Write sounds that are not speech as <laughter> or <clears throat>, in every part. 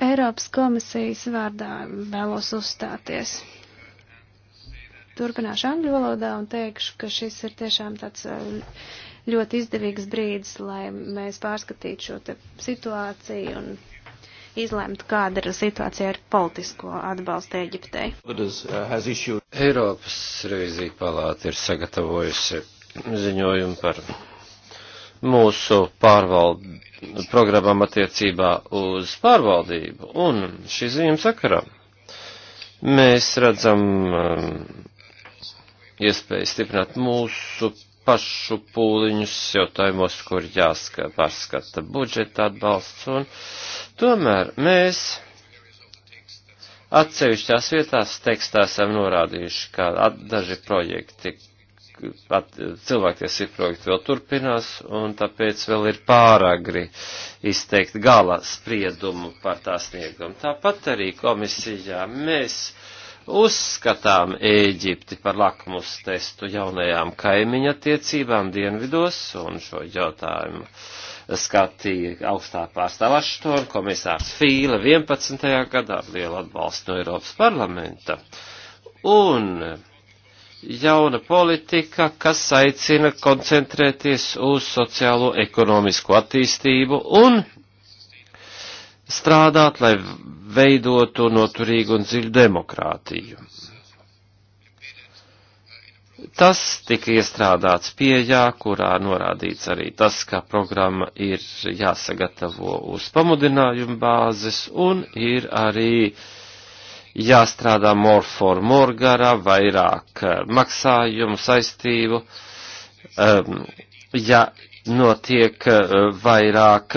Eiropas komisijas vārdā vēlos uzstāties. Turpināšu angļu valodā un teikšu, ka šis ir tiešām tāds uh, ļoti izdevīgs brīdis, lai mēs pārskatītu šo te situāciju un izlemt, kāda ir situācija ar politisko atbalstu Eģiptei. Uh, Eiropas revizija palāta ir sagatavojusi ziņojumu par mūsu pārvaldu programmām attiecībā uz pārvaldību. Un šī ziņojuma sakarā mēs redzam um, iespēju stiprināt mūsu pašu pūliņus jautājumos, kur jāskata pārskata budžeta atbalsts, un tomēr mēs atsevišķās vietās tekstā esam norādījuši, ka daži projekti, cilvēktiesību projekti vēl turpinās, un tāpēc vēl ir pāragri izteikt gala spriedumu par tā sniegumu. Tāpat arī komisijā mēs uzskatām Ēģipti par lakmus testu jaunajām kaimiņa tiecībām dienvidos, un šo jautājumu skatīja augstā pārstāvā Štona komisārs Fīle 11. gadā ar lielu atbalstu no Eiropas parlamenta. Un jauna politika, kas aicina koncentrēties uz sociālo ekonomisko attīstību un strādāt, lai veidotu noturīgu un dziļu demokrātiju. Tas tika iestrādāts pieejā, kurā norādīts arī tas, ka programma ir jāsagatavo uz pamudinājumu bāzes un ir arī uh, jāstrādā more for more garā, vairāk eh, maksājumu saistību, um, ja notiek eh, vairāk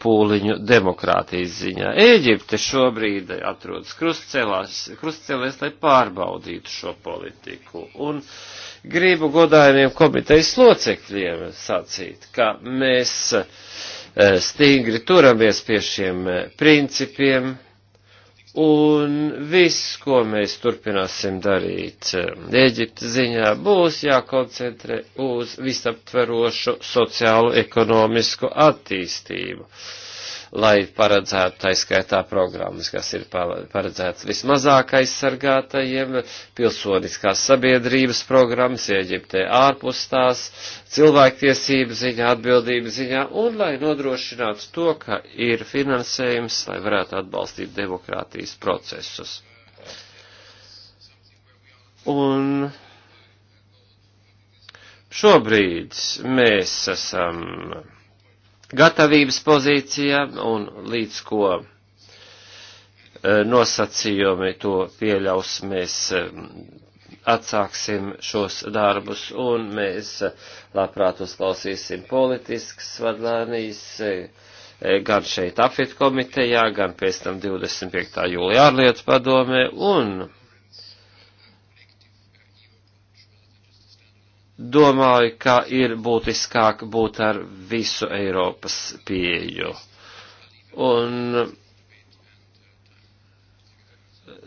pūliņu demokrātijas ziņā. Ēģipte šobrīd atrodas krustcelēs, lai pārbaudītu šo politiku. Un gribu godājumiem komitejas locekļiem sacīt, ka mēs eh, stingri turamies pie šiem principiem, Un viss, ko mēs turpināsim darīt Ēģiptes eh, ziņā, būs jākoncentrē uz visaptverošu sociālu ekonomisku attīstību. Uh, lai paredzētu taiskaitā programmas, kas ir paredzētas vismazāk aizsargātajiem, pilsoniskās sabiedrības programmas, Ieģiptē ārpus tās, cilvēktiesību ziņā, atbildību ziņā, un lai nodrošinātu to, ka ir finansējums, lai varētu atbalstīt demokrātijas procesus. Un šobrīd mēs esam gatavības pozīcija un līdz ko e, nosacījumi to pieļaus, mēs e, atsāksim šos darbus un mēs e, labprāt uzklausīsim politiskas vadlānijas gan šeit apviet komitejā, gan pēc tam 25. jūlijā ārlietu padomē un domāju, ka ir būtiskāk būt ar visu Eiropas pieeju. Un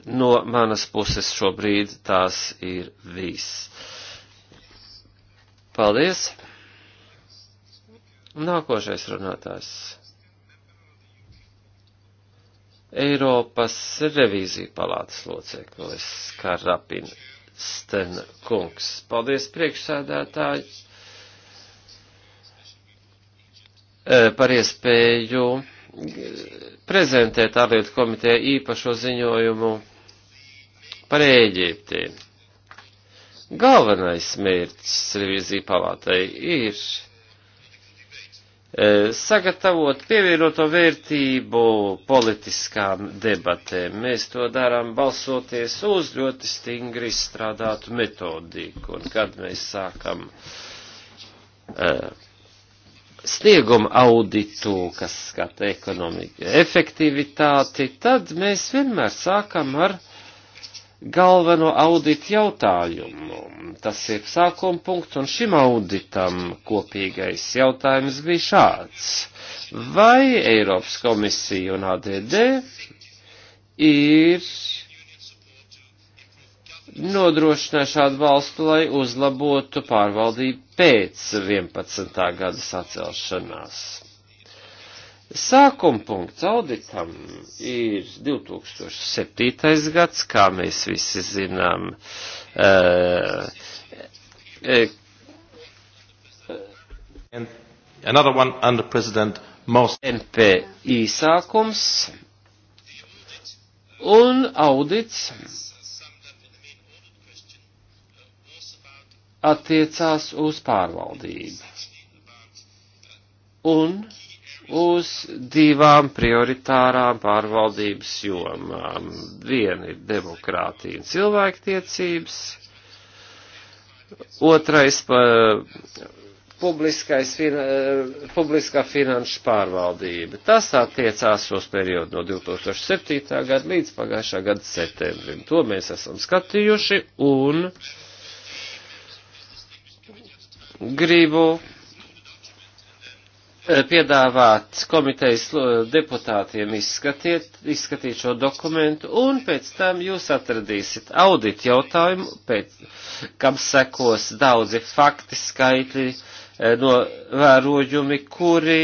no manas puses šobrīd tās ir viss. Paldies! Nākošais runātājs. Eiropas revīzija palātas loceklis Karapina Sten kungs. Paldies priekšsēdētāji e, par iespēju e, prezentēt ārlietu komitē īpašo ziņojumu par Ēģipti. Galvenais mērķis revizija palātai ir E, sagatavot pievienoto vērtību politiskām debatēm. Mēs to darām balsoties uz ļoti stingri izstrādātu metodiku. Un kad mēs sākam uh, snieguma auditu, kas skata ekonomiku efektivitāti, tad mēs vienmēr sākam ar galveno audita jautājumu. Tas ir sākuma punkts, un šim auditam kopīgais jautājums bija šāds. Vai Eiropas komisija un ADD ir nodrošinājuši atbalstu, lai uzlabotu pārvaldību pēc 11. gada sacelšanās? Sākuma punkts auditam ir 2007. gads, kā mēs visi zinām, uh, Another one under President Most. NPI sākums un audits attiecās uz pārvaldību. Un uz divām prioritārām pārvaldības jomām. Viena ir demokrātija un cilvēktiecības, otrais pa, publiskais, fin, publiskā finanšu pārvaldība. Tas attiecās uz periodu no 2007. gada līdz pagājušā gada septembrim. To mēs esam skatījuši un gribu Eh, piedāvāt komitejas eh, deputātiem izskatiet, izskatīt šo dokumentu, un pēc tam jūs atradīsiet audit jautājumu, pēc, kam sekos daudzi fakti, skaitļi, eh, novērojumi, kuri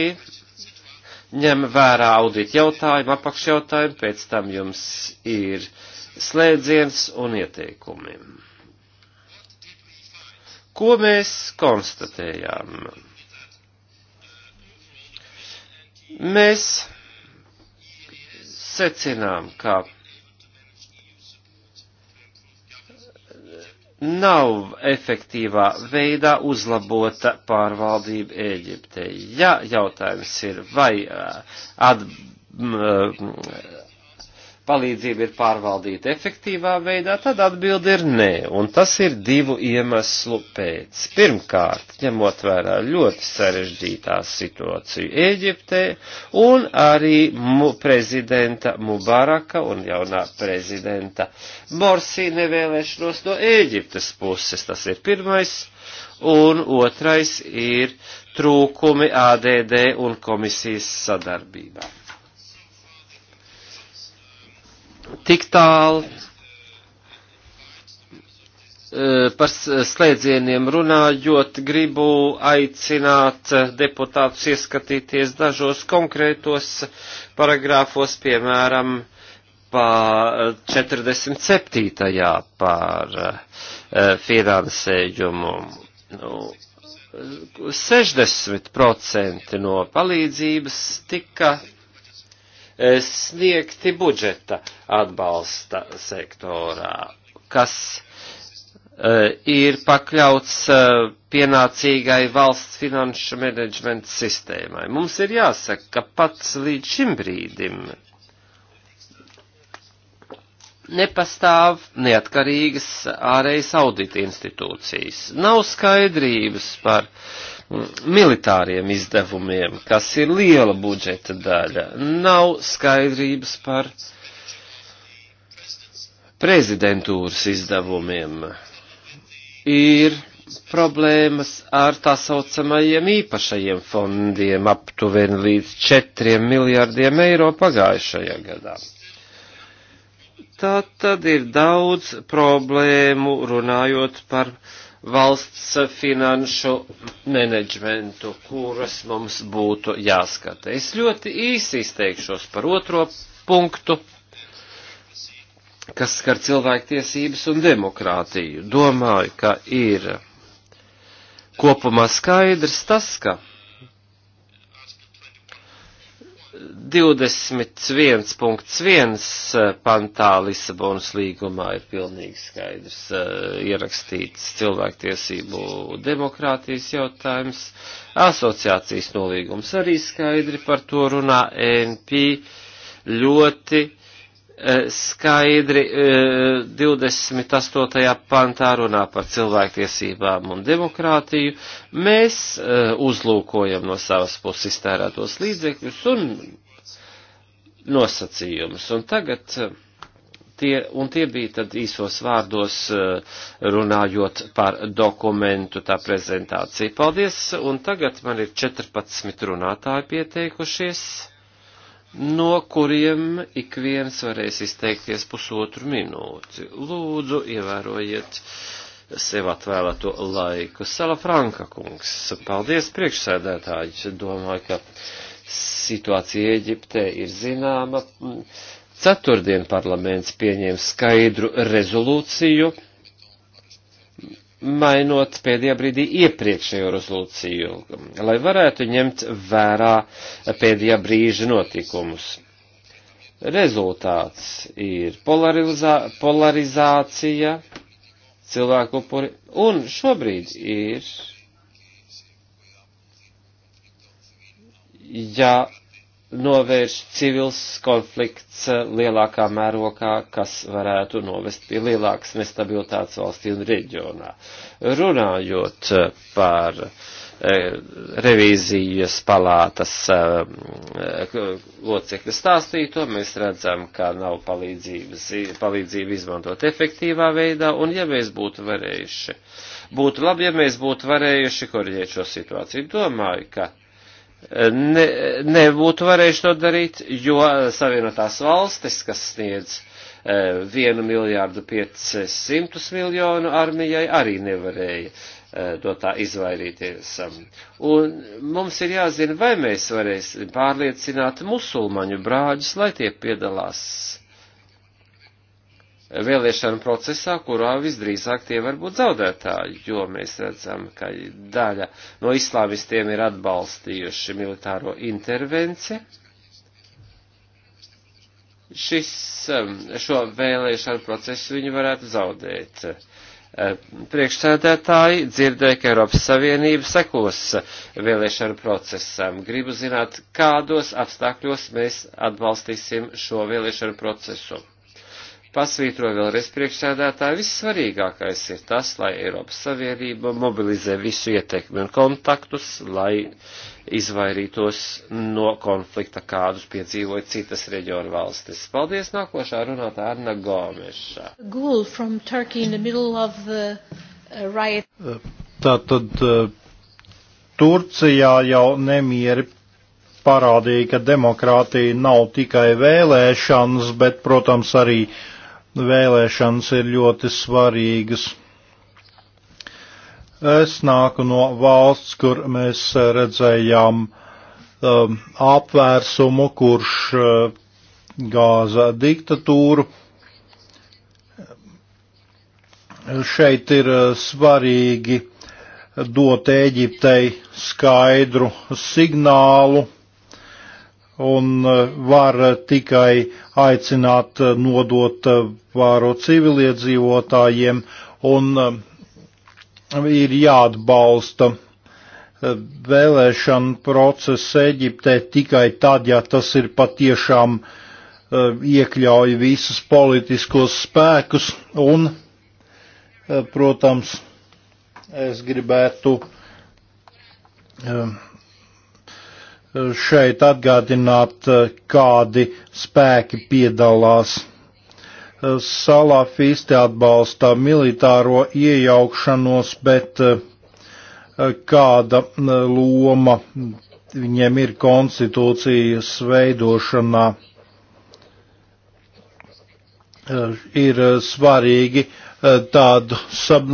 ņem vērā audit jautājumu, apakšjautājumu, pēc tam jums ir slēdziens un ieteikumi. Ko mēs konstatējām? Mēs secinām, ka nav efektīvā veidā uzlabota pārvaldība Ēģiptei. Ja jautājums ir, vai at, palīdzība ir pārvaldīta efektīvā veidā, tad atbildi ir nē, un tas ir divu iemeslu pēc. Pirmkārt, ņemot vērā ļoti sarežģītā situāciju Ēģiptē un arī mu prezidenta Mubaraka un jaunā prezidenta Morsī nevēlēšanos no Ēģiptes puses, tas ir pirmais, un otrais ir trūkumi ADD un komisijas sadarbībā. tik tālu eh, par slēdzieniem runājot, gribu aicināt deputātus ieskatīties dažos konkrētos paragrāfos, piemēram, pa 47. par eh, finansējumu. 60% nu, no palīdzības tika sniegti budžeta atbalsta sektorā, kas e, ir pakļauts e, pienācīgai valsts finanšu menedžmenta sistēmai. Mums ir jāsaka, ka pats līdz šim brīdim nepastāv neatkarīgas ārējas audita institūcijas. Nav skaidrības par uh, militāriem izdevumiem, kas ir liela budžeta daļa. Nav skaidrības par prezidentūras izdevumiem. Ir problēmas ar tā saucamajiem īpašajiem fondiem aptuveni līdz 4 miljārdiem eiro pagājušajā gadā. Tā tad ir daudz problēmu runājot par uh, valsts finanšu menedžmentu, kuras mums būtu jāskata. Es ļoti īsi izteikšos par otro punktu, kas skar cilvēktiesības un demokrātiju. Domāju, ka ir kopumā skaidrs tas, ka 21.1 eh, pantā Lisabonas līgumā ir pilnīgi skaidrs eh, ierakstīts cilvēktiesību demokrātijas jautājums. Asociācijas nolīgums arī skaidri par to runā NP ļoti eh, skaidri 28. pantā runā par cilvēktiesībām un demokrātiju. Mēs uzlūkojam no savas puses iztērētos līdzekļus un nosacījumus. Un tagad eh, tie, un tie bija tad īsos vārdos eh, runājot par dokumentu tā prezentāciju. Paldies, un tagad man ir 14 runātāji pieteikušies, no kuriem ik viens varēs izteikties pusotru minūti. Lūdzu, ievērojiet sev atvēlēto laiku. Sala Franka kungs, paldies priekšsēdētāji, domāju, ka situācija Eģiptē ir zināma. Ceturtdien parlaments pieņēma skaidru rezolūciju, mainot pēdējā brīdī iepriekšējo rezolūciju, lai varētu ņemt vērā pēdējā brīža notikumus. Rezultāts ir polarizā, polarizācija cilvēku upuri, un šobrīd ir ja novērš civils konflikts eh, lielākā mērokā, kas varētu novest pie lielākas nestabilitātes valstī un reģionā. Runājot eh, par eh, revīzijas palātas locekļu stāstīto, mēs redzam, ka nav palīdzība izmantot efektīvā veidā, un ja mēs būtu varējuši, būtu labi, ja mēs būtu varējuši korģēt šo situāciju. Domāju, ka ne, nebūtu varējuši to darīt, jo Savienotās valstis, kas sniedz e, vienu miljārdu 500 miljonu armijai, arī nevarēja e, no tā izvairīties. Un mums ir jāzina, vai mēs varēsim pārliecināt musulmaņu brāļus, lai tie piedalās vēlēšanu procesā, kurā visdrīzāk tie var būt zaudētāji, jo mēs redzam, ka daļa no islāmistiem ir atbalstījuši militāro intervenciju. Šis, um, šo vēlēšanu procesu viņi varētu zaudēt. Um, priekšsēdētāji dzirdēja, ka Eiropas Savienība sekos vēlēšanu procesam. Gribu zināt, kādos apstākļos mēs atbalstīsim šo vēlēšanu procesu pasvītroju vēlreiz priekšsēdētāju, vissvarīgākais ir tas, lai Eiropas Savienība mobilizē visu ietekmi un kontaktus, lai izvairītos no konflikta, kādus piedzīvoja citas reģionu valstis. Paldies nākošā runātā Anna Gomeša. Uh, Tātad uh, Turcijā jau nemieri parādīja, ka demokrātija nav tikai vēlēšanas, bet, protams, arī uh, vēlēšanas ir ļoti svarīgas. Es nāku no valsts, kur mēs redzējām um, apvērsumu, kurš uh, gāza diktatūru. Šeit ir uh, svarīgi dot Eģiptei skaidru signālu un e, var tikai aicināt e, nodot e, vāro civiliedzīvotājiem un ir jāatbalsta vēlēšana process Eģiptē tikai tad, ja tas ir patiešām iekļauj visus politiskos spēkus un, protams, es gribētu um, šeit atgādināt, eh, kādi spēki piedalās. Eh, Salafisti atbalsta militāro iejaukšanos, bet eh, kāda loma viņiem ir konstitūcijas veidošanā. Eh, ir eh, svarīgi eh, tādu,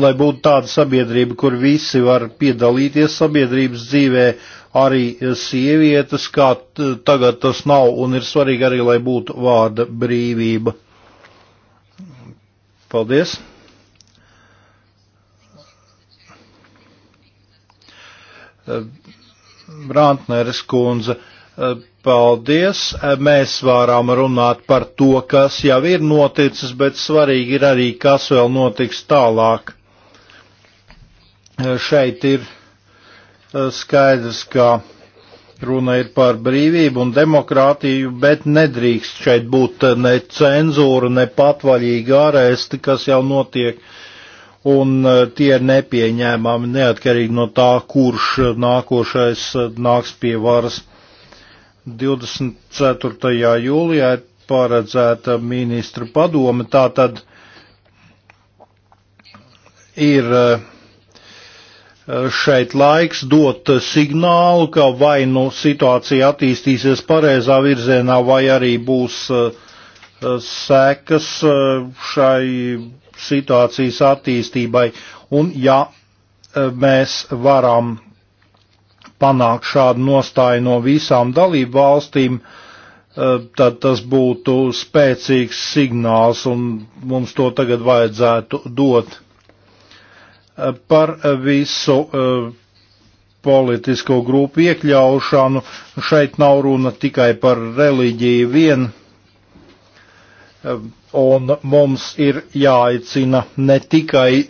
lai būtu tāda sabiedrība, kur visi var piedalīties sabiedrības dzīvē, arī sievietes, kā tagad tas nav, un ir svarīgi arī, lai būtu vārda brīvība. Paldies! Brantneres kundze Paldies! Mēs varam runāt par to, kas jau ir noticis, bet svarīgi ir arī, kas vēl notiks tālāk. Šeit ir eh, skaidrs, ka runa ir par brīvību un demokrātiju, bet nedrīkst šeit būt eh, ne cenzūra, ne patvaļīga ārēsti, kas jau notiek, un eh, tie ir nepieņēmami neatkarīgi no tā, kurš nākošais nāks pie varas. 24. jūlijā ir paredzēta ministru padome, tā tad ir eh, šeit laiks dot signālu, ka vai nu situācija attīstīsies pareizā virzienā, vai arī būs eh, sekas eh, šai situācijas attīstībai. Un ja mēs varam panākt šādu nostāju no visām dalību valstīm, eh, tad tas būtu spēcīgs signāls un mums to tagad vajadzētu dot. Eh, par visu eh, politisko grupu iekļaušanu šeit nav runa tikai par reliģiju vien, un mums ir jāicina ne tikai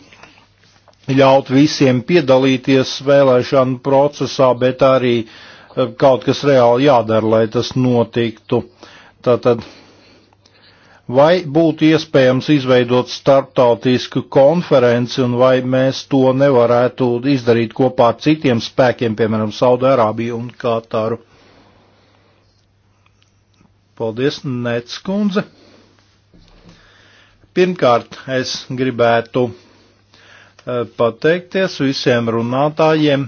ļaut visiem piedalīties vēlēšanu procesā, bet arī eh, kaut kas reāli jādara, lai tas notiktu. Tātad, vai būtu iespējams izveidot starptautisku konferenci un vai mēs to nevarētu izdarīt kopā ar citiem spēkiem, piemēram, Saudārābiju un Kātāru? Paldies, Nets kundze. Pirmkārt, es gribētu Eh, pateikties visiem runātājiem.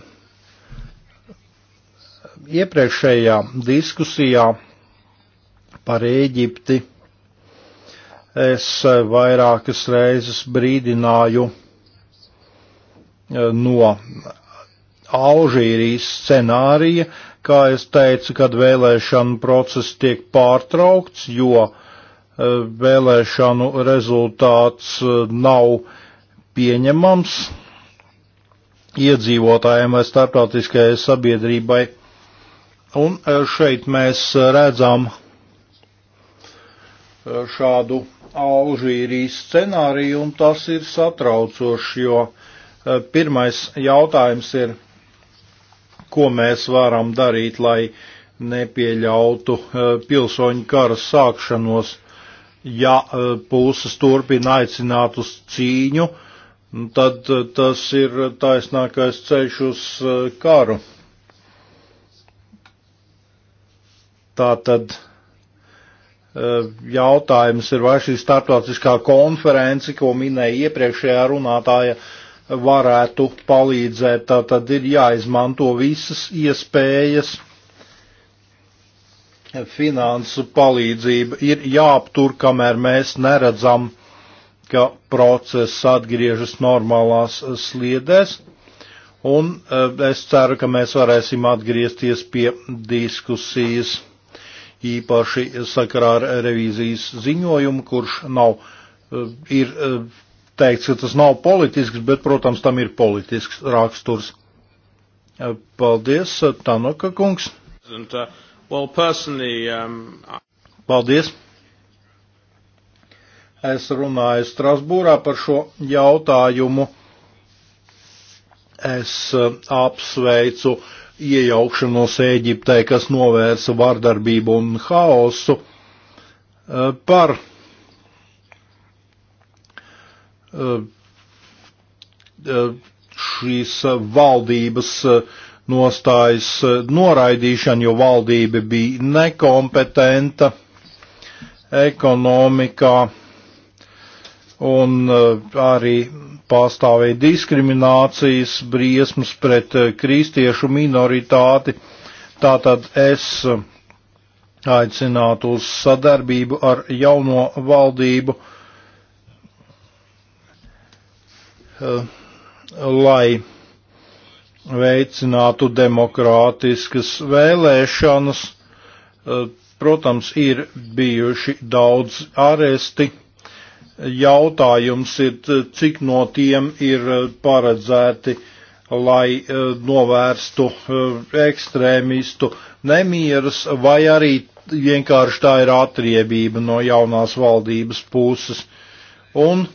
Iepriekšējā diskusijā par Ēģipti es eh, vairākas reizes brīdināju eh, no Alžīrijas scenārija, kā es teicu, kad vēlēšanu process tiek pārtraukts, jo vēlēšanu rezultāts nav pieņemams iedzīvotājiem vai starptautiskajai sabiedrībai. Un e, šeit mēs e, redzam e, šādu Alžīrijas scenāriju, un tas ir satraucoši, jo pirmais jautājums ir, ko mēs varam darīt, lai nepieļautu pilsoņu kara sākšanos, ja puses turpina aicināt uz cīņu, tad eh, tas ir taisnākais ceļš uz eh, karu. Tā tad eh, jautājums ir, vai šī starptautiskā konference, ko minēja iepriekšējā runātāja, varētu palīdzēt. Tā tad ir jāizmanto visas iespējas. Finansu palīdzība ir jāaptur, kamēr mēs neredzam uh, ka process atgriežas normālās eh, sliedēs, un eh, es ceru, ka mēs varēsim atgriezties pie diskusijas īpaši sakarā ar revīzijas ziņojumu, kurš nav, eh, ir teikts, ka tas nav politisks, bet, protams, tam ir politisks raksturs. Paldies, Tanaka kungs. Uh, um, paldies. Es runāju Strasbūrā par šo jautājumu. Es eh, apsveicu iejaukšanos Eģiptē, kas novērsa vardarbību un haosu eh, par eh, šīs valdības nostājas noraidīšanu, jo valdība bija nekompetenta ekonomikā un eh, arī pastāvēja diskriminācijas briesmas pret eh, kristiešu minoritāti. Tātad es eh, aicinātu uz sadarbību ar jauno valdību, lai veicinātu demokrātiskas vēlēšanas. Protams, ir bijuši daudz aresti jautājums ir, cik no tiem ir paredzēti, lai e, novērstu e, ekstrēmistu nemierus, vai arī vienkārši tā ir atriebība no jaunās valdības puses. Un e,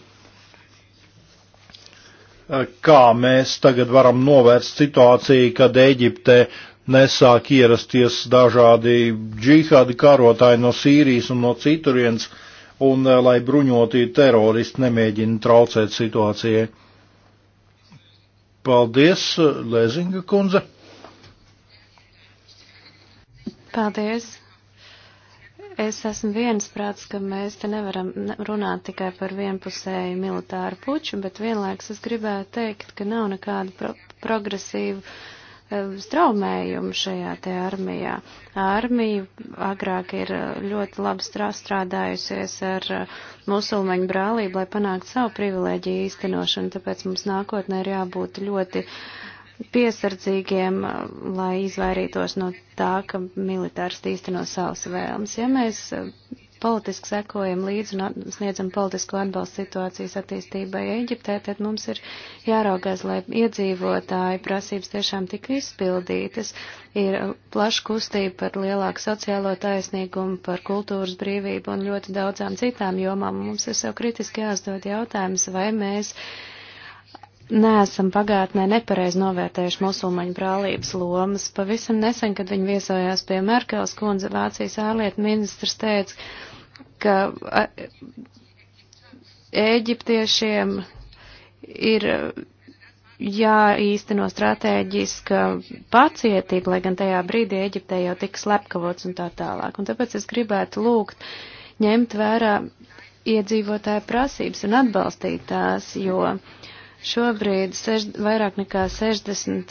kā mēs tagad varam novērst situāciju, kad Eģiptē nesāk ierasties dažādi džihādi karotāji no Sīrijas un no citurienes, uh, un eh, lai bruņotie teroristi nemēģina traucēt situācijai. Paldies, Lēzinga kundze. Paldies. Es esmu viensprāts, ka mēs te nevaram runāt tikai par vienpusēju militāru puču, bet vienlaiks es gribētu teikt, ka nav nekādu pro progresīvu Um, straumējumu šajā te armijā. Armija agrāk ir uh, ļoti labi strādājusies ar uh, musulmaņu brālību, lai panāktu savu privileģiju īstenošanu, tāpēc mums nākotnē ir jābūt ļoti piesardzīgiem, uh, lai izvairītos no tā, ka militārs īsteno savas vēlmes. Ja mēs politiski sekojam līdzi un sniedzam politisko atbalstu situācijas attīstībai Eģiptē, tad mums ir jāraugās, lai iedzīvotāji prasības tiešām tik izpildītas. Ir plaša kustība par lielāku sociālo taisnīgumu, par kultūras brīvību un ļoti daudzām citām jomām. Mums ir sev kritiski jāuzdod jautājums, vai mēs neesam pagātnē nepareizi novērtējuši musulmaņu brālības lomas. Pavisam nesen, kad viņi viesojās pie Merkels kundze, Vācijas ārlietu ministrs teica, ka Ēģiptiešiem ir jāīsteno stratēģiska pacietība, lai gan tajā brīdī Ēģiptē jau tika slepkavots un tā tālāk. Un tāpēc es gribētu lūgt ņemt vērā iedzīvotāju prasības un atbalstīt tās, jo uh, Šobrīd seš, vairāk nekā 60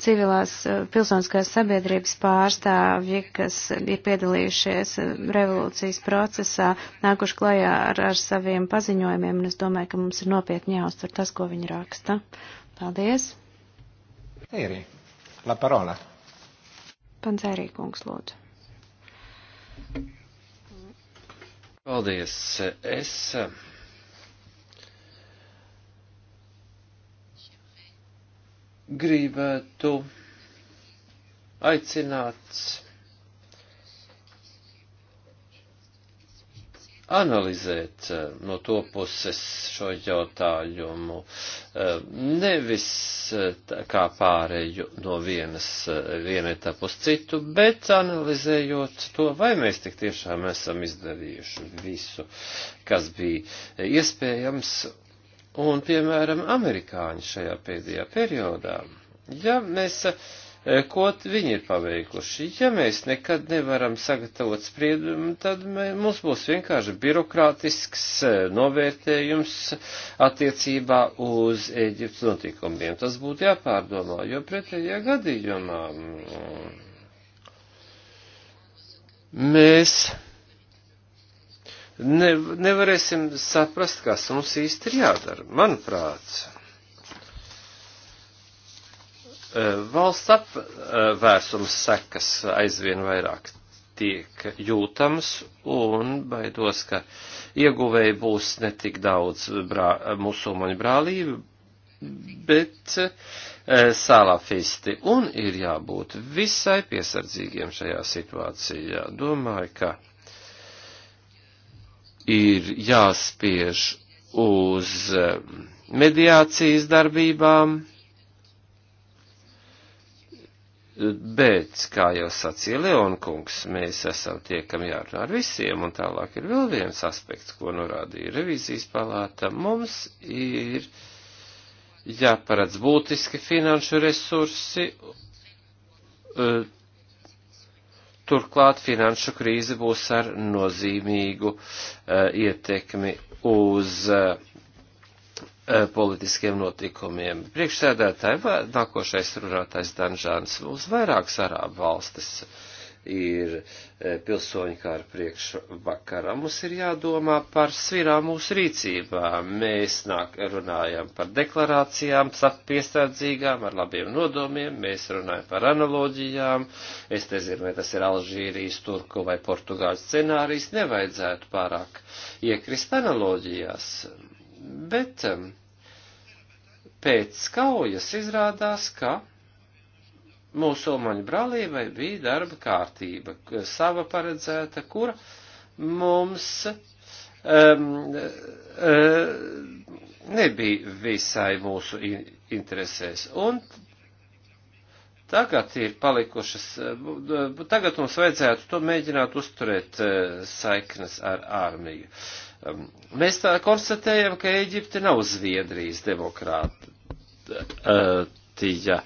civilās eh, pilsoniskās sabiedrības pārstāvji, kas ir piedalījušies eh, revolūcijas procesā, nākuši klajā ar, ar saviem paziņojumiem, un es domāju, ka mums ir nopietni jāuztver tas, ko viņi raksta. Paldies! Eirī, la parola. Pants Eirī, kungs, lūdzu. Paldies. Es eh, gribētu aicināt analizēt eh, no to puses šo jautājumu, eh, nevis eh, kā pārēju no vienas, viena etapa uz citu, bet analizējot to, vai mēs tik tiešām esam izdarījuši visu, kas bija iespējams Un, piemēram, amerikāņi šajā pēdējā periodā, ja mēs, e, ko viņi ir paveikuši, ja mēs nekad nevaram sagatavot spriedumu, tad mēs, mums būs vienkārši birokrātisks e, novērtējums attiecībā uz Eģiptes notikumiem. Tas būtu jāpārdomā, jo pretējā gadījumā mm, mēs ne, nevarēsim saprast, kas mums īsti ir jādara. Manuprāt, e, valsts apvērsums sekas aizvien vairāk tiek jūtams un baidos, ka ieguvēji būs ne tik daudz brā, musulmaņu brālību, bet e, salafisti. Un ir jābūt visai piesardzīgiem šajā situācijā. Domāju, ka ir jāspiež uz eh, mediācijas darbībām, bet, kā jau sacīja Leonkungs, mēs esam tiekam jārunā ar visiem, un tālāk ir vēl viens aspekts, ko norādīja revizijas palāta. Mums ir jāparedz būtiski finanšu resursi, eh, Turklāt finanšu krīze būs ar nozīmīgu uh, ietekmi uz uh, politiskiem notikumiem. Priekšsēdētāji, nākošais runātājs Danžāns, uz vairākas arābu valstis uh, ir eh, pilsoņu kāra priekšvakarā. Mums ir jādomā par svirām mūsu rīcībā. Mēs nāk, runājam par deklarācijām, piesardzīgām, ar labiem nodomiem, mēs runājam par analoģijām. Es nezinu, vai tas ir Alžīrijas, Turku vai Portugāļu scenārijs, nevajadzētu pārāk iekrist analoģijās. Bet ehm, pēc kaujas izrādās, ka musulmaņu brālībai bija darba kārtība, sava paredzēta, kura mums um, um, nebija visai mūsu interesēs. Un tagad ir palikušas, e, tagad mums vajadzētu to mēģināt uzturēt e, saiknes ar armiju. Mēs tā konstatējam, ka Eģipte nav Zviedrijas demokrāta Horvātija.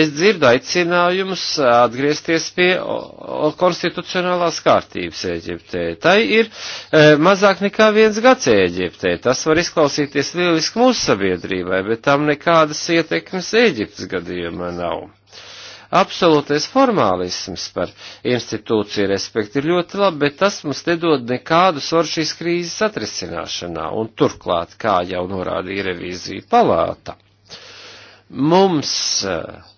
Es dzirdu aicinājumus atgriezties pie konstitucionālās kārtības Eģiptē. Tai ir e, mazāk nekā viens gads Eģiptē. Tas var izklausīties lieliski mūsu sabiedrībai, bet tam nekādas ietekmes Eģiptes gadījumā nav absolūtais formālisms par institūciju respektu ir ļoti labi, bet tas mums nedod nekādu svaru šīs krīzes atrisināšanā, un turklāt, kā jau norādīja revīzija palāta, Mums eh,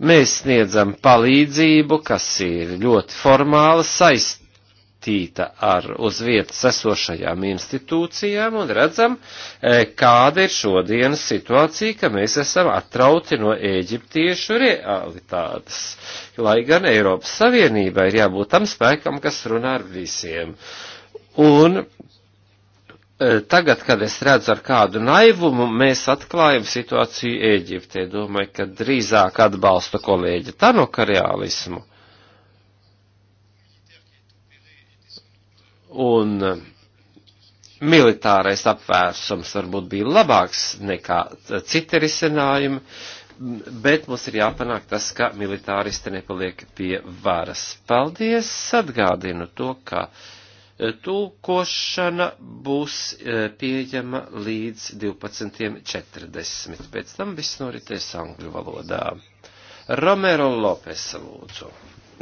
mēs sniedzam palīdzību, kas ir ļoti formāla saistīta ar uz vietas esošajām institūcijām un redzam, eh, kāda ir šodienas situācija, ka mēs esam atrauti no eģiptiešu realitātes. Lai gan Eiropas Savienībai ir jābūt tam spēkam, kas runā ar visiem. Un E, tagad, kad es redzu ar kādu naivumu, mēs atklājam situāciju Ēģiptē. Domāju, ka drīzāk atbalsta kolēģi Tanoka realismu. Un e, militārais apvērsums varbūt bija labāks nekā e, citi risinājumi, bet mums ir jāpanāk tas, ka militāristi nepaliek pie varas. Paldies! Atgādinu to, ka. Uh, Tūkošana būs e, pieejama līdz 12.40. Pēc tam viss noritēs angļu valodā. Romero Lopes lūdzu.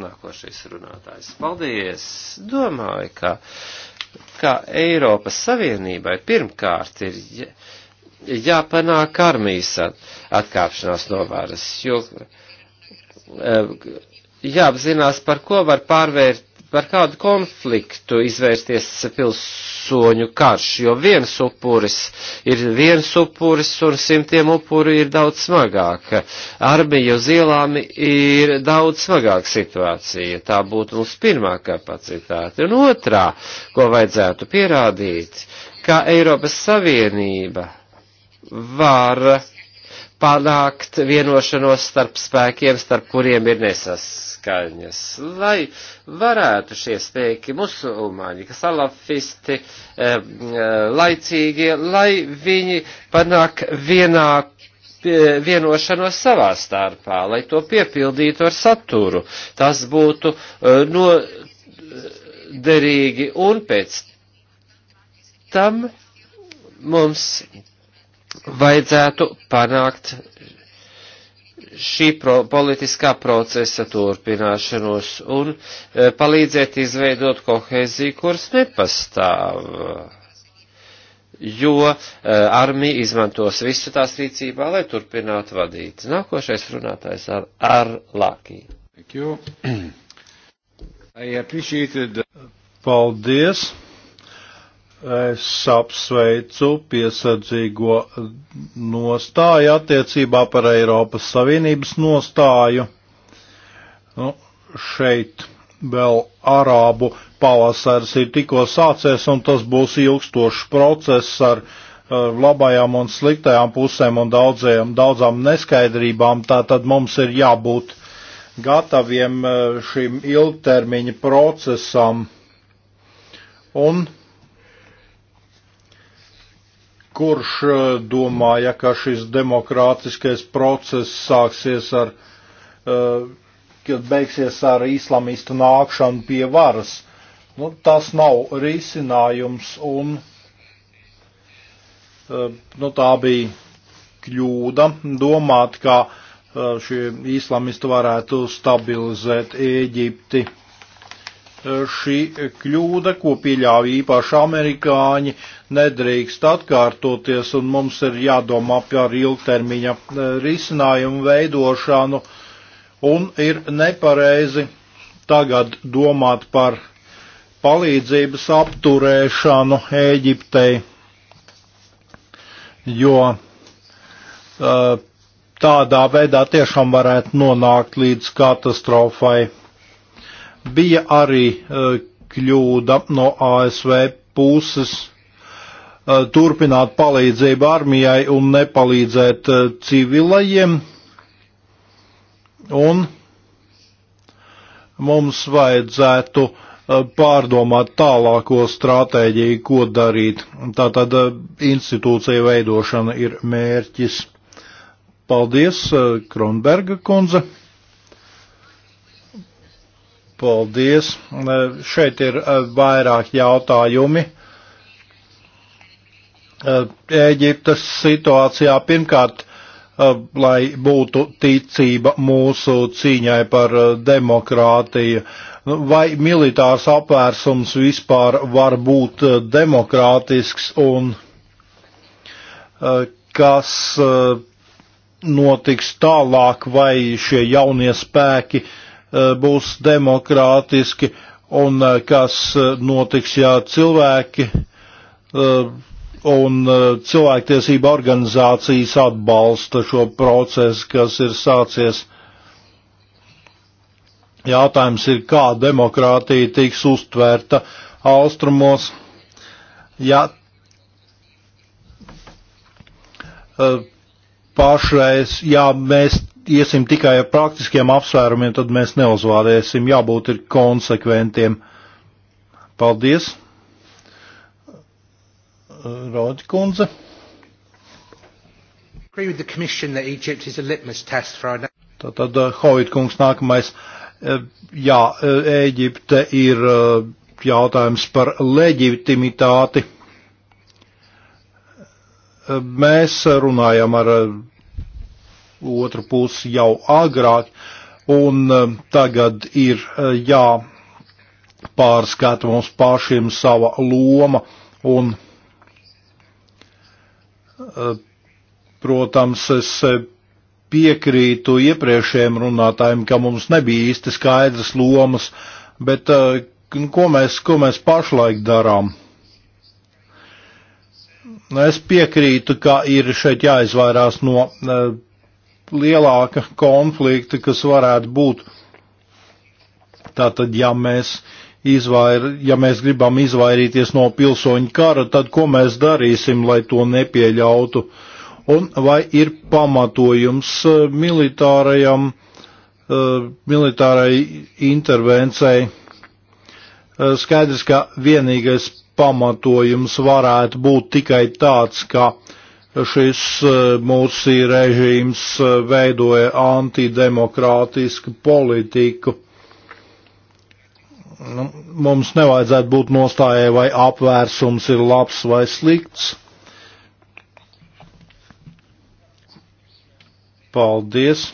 Nākošais runātājs. Paldies! Domāju, ka, ka Eiropas Savienībai pirmkārt ir jāpanāk armijas atkāpšanās no varas, jo e, jāapzinās, par ko var pārvērt par kādu konfliktu izvērsties pilsoņu karš, jo viens upuris ir viens upuris un simtiem upuri ir daudz smagāka. Armija uz ielām ir daudz smagāka situācija. Tā būtu mums pirmā kapacitāte. Un otrā, ko vajadzētu pierādīt, ka Eiropas Savienība var panākt vienošanos starp spēkiem, starp kuriem ir nesas saskaņas, lai varētu šie spēki musulmaņi, kas salafisti, laicīgie, lai viņi panāk vienāk e, vienošanos savā starpā, lai to piepildītu ar saturu. Tas būtu e, noderīgi un pēc tam mums vajadzētu panākt šī pro, politiskā procesa turpināšanos un e, palīdzēt izveidot kohēziju, kuras nepastāv, jo e, armija izmantos visu tās rīcībā, lai turpinātu vadīt. Nākošais runātājs ar, ar Lakī. <clears throat> Paldies! Es apsveicu piesardzīgo nostāju attiecībā par Eiropas Savienības nostāju. Nu, šeit vēl arābu pavasars ir tikko sācies, un tas būs ilgstošs process ar uh, labajām un sliktajām pusēm un daudzajām, daudzām neskaidrībām. Tātad mums ir jābūt gataviem eh, šim ilgtermiņa procesam. Un kurš e, domāja, ka šis demokrātiskais process sāksies ar, e, kad beigsies ar islamistu nākšanu pie varas. Nu, tas nav risinājums un e, nu, tā bija kļūda domāt, ka šie islamisti varētu stabilizēt Ēģipti šī kļūda, ko pieļāva īpaši amerikāņi, nedrīkst atkārtoties, un mums ir jādomā par ilgtermiņa eh, risinājumu veidošanu, un ir nepareizi tagad domāt par palīdzības apturēšanu Ēģiptei, jo eh, tādā veidā tiešām varētu nonākt līdz katastrofai. Bija arī e, kļūda no ASV puses e, turpināt palīdzību armijai un nepalīdzēt e, civilajiem. Un mums vajadzētu pārdomāt tālāko stratēģiju, ko darīt. Tātad institūcija veidošana ir mērķis. Paldies, Kronberga kundze. Paldies. Šeit ir eh, vairāk jautājumi. Eh, Ēģiptes situācijā pirmkārt, eh, lai būtu ticība mūsu cīņai par demokrātiju. Vai militārs apvērsums vispār var būt demokrātisks un kas notiks tālāk vai šie jaunie spēki uh, Eh, būs demokrātiski un eh, kas eh, notiks, ja cilvēki un cilvēktiesība organizācijas atbalsta šo procesu, kas ir sācies. Jautājums ir, kā demokrātija tiks uztvērta austrumos. Ja pašreiz, ja mēs iesim tikai ar praktiskiem apsvērumiem, tad mēs neuzvārēsim. Jābūt ir konsekventiem. Paldies. Rodi kundze. Tātad, eh, Hovit kungs, nākamais. Eh, jā, eh, Ēģipte ir jautājums par leģitimitāti. Mēs runājam ar otru pusi jau agrāk, un um, tagad ir uh, jāpārskata mums pašiem sava loma, un, uh, protams, es uh, piekrītu iepriekšējiem runātājiem, ka mums nebija īsti skaidras lomas, bet ko mēs, ko mēs pašlaik darām? Es piekrītu, ka ir šeit jāizvairās no lielāka konflikta, kas varētu būt. Tātad, ja mēs, izvair, ja mēs gribam izvairīties no pilsoņu kara, tad ko mēs darīsim, lai to nepieļautu? Un vai ir pamatojums e, militārajam, e, militārai intervencei? E, skaidrs, ka vienīgais pamatojums varētu būt tikai tāds, ka uh, šis e, mūsu režīms e, veidoja antidemokrātisku politiku. Nu, mums nevajadzētu būt nostājai, vai apvērsums ir labs vai slikts. Paldies.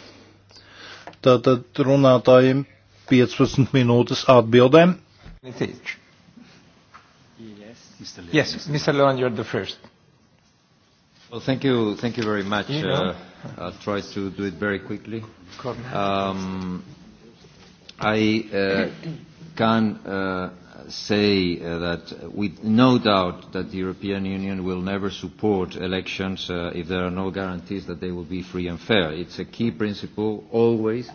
Tātad runātājiem 15 minūtes atbildēm. Yes, Mr. Leon, yes, Mr. Leon you're the first. Well, thank you. Thank you very much. You know? uh, I'll try to do it very quickly. Um, I uh, can uh, say uh, that with no doubt that the European Union will never support elections uh, if there are no guarantees that they will be free and fair. It's a key principle always,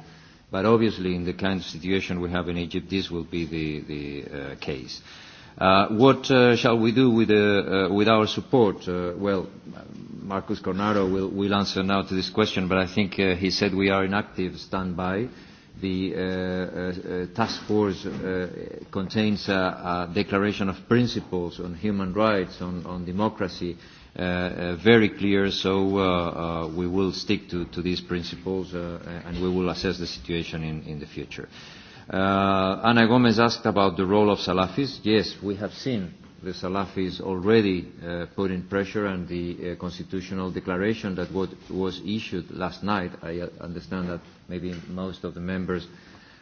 but obviously in the kind of situation we have in Egypt, this will be the, the uh, case. Uh, Uh, what uh, shall we do with, uh, uh, with our support? Uh, well, Marcus Cornaro will, will answer now to this question, but I think uh, he said we are in active standby. The uh, uh, uh, task force uh, contains a, a declaration of principles on human rights, on, on democracy, uh, uh, very clear, so uh, uh, we will stick to, to these principles uh, and we will assess the situation in, in the future. Uh, Uh, Ana Gomez asked about the role of Salafis. Yes, we have seen the Salafis already uh, putting pressure and the uh, constitutional declaration that what was issued last night. I uh, understand that maybe most of the members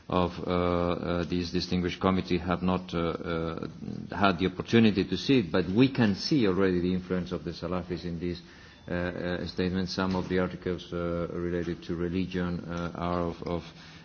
of uh, uh, this distinguished committee have not uh, uh, had the opportunity to see it, but we can see already the influence of the Salafis in these uh, uh, statements. Some of the articles uh, related to religion uh, are of, of uh,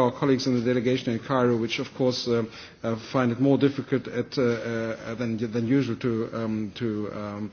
our colleagues in the delegation in Cairo, which of course um, uh, find it more difficult at, uh, uh, than, than usual to, um, to um,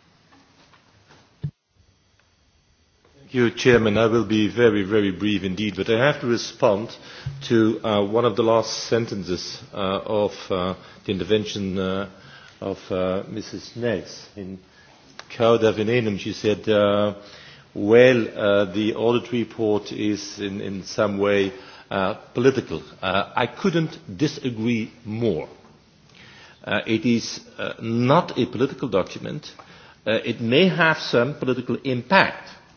You, Chairman, I will be very, very brief indeed, but I have to respond to uh, one of the last sentences uh, of uh, the intervention uh, of uh, Mrs. Ness. In Cauda Venenum, she said, uh, well, uh, the audit report is in, in some way uh, political. Uh, I couldn't disagree more. Uh, it is uh, not a political document. Uh, it may have some political impact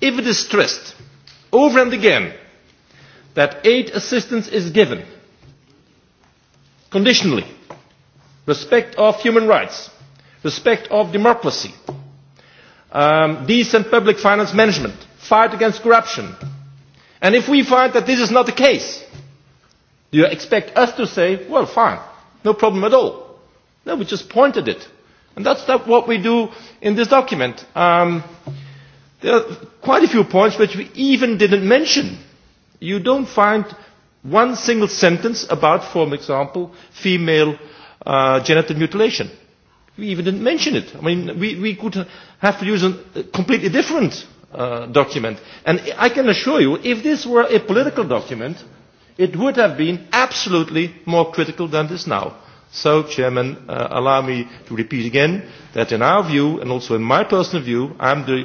If it is stressed over and again that aid assistance is given conditionally, respect of human rights, respect of democracy, um, decent public finance management, fight against corruption. And if we find that this is not the case, do you expect us to say, well, fine, no problem at all? No, we just pointed it. And that's not what we do in this document. Um, There are quite a few points which we even didn't mention. You don't find one single sentence about, for example, female uh, genital mutilation. We even didn't mention it. I mean, we, we could have to use a completely different uh, document. And I can assure you, if this were a political document, it would have been absolutely more critical than this now. So, Chairman, uh, allow me to repeat again that in our view, and also in my personal view, I'm the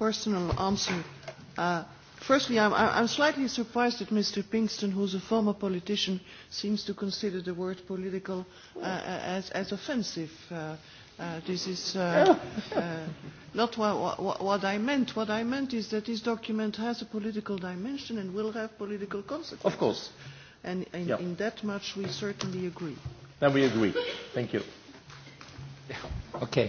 personal answer. Uh, firstly, I'm, I'm slightly surprised that Mr. Pinkston, who's a former politician, seems to consider the word political uh, uh as, as offensive. Uh, Uh, this is uh, uh, not what, what, what I meant. What I meant is that this document has a political dimension and will have political consequences. Of course. And in, yeah. in that much we certainly agree. Then we agree. Thank you. Okay.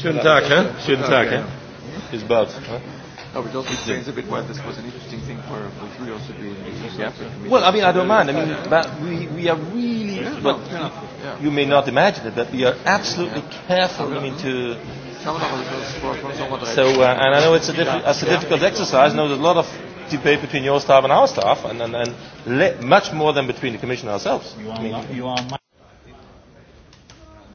Schönen Tag, hä? Schönen Tag, hä? Bis bald. No, but also explains a bit why this was an interesting thing for Bulgaria also being the East African Committee. Well, I mean, I don't mind. I mean, but we, we are really, yeah, but no, no, yeah. you may not imagine it, but we are absolutely yeah. careful, I mean, to... So, uh, and I know it's a, diffi- it's a difficult exercise. I know there's a lot of debate between your staff and our staff, and, and, and le- much more than between the Commission ourselves. You are, I mean, you are